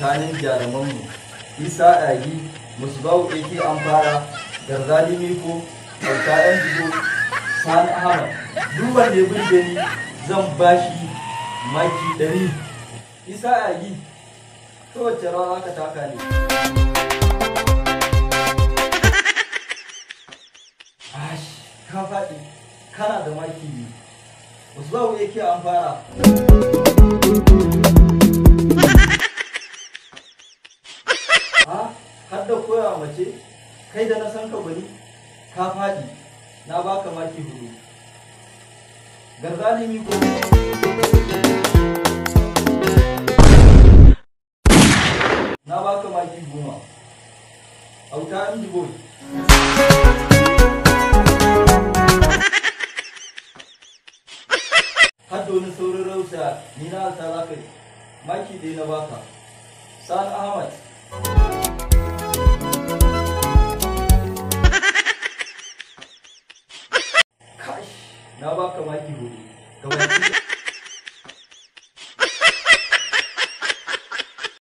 tsakanin jarumanmu isa agi musbahu yake an fara garzali zalimi ko yan jigo sani ahama duk wanda ya burge ni zan bashi maki ɗari isa agi kowace rawa ka taka ne ashi ka faɗi kana da maki musbahu yake an fara har da mace kai da na san ka bari ka faɗi na baka maki hudu garzalimi ko na baka maki goma auta inji boy har da wani saurin rausa ni na alta za ka maki dai na baka sa'ad ahmad na baka maki hudu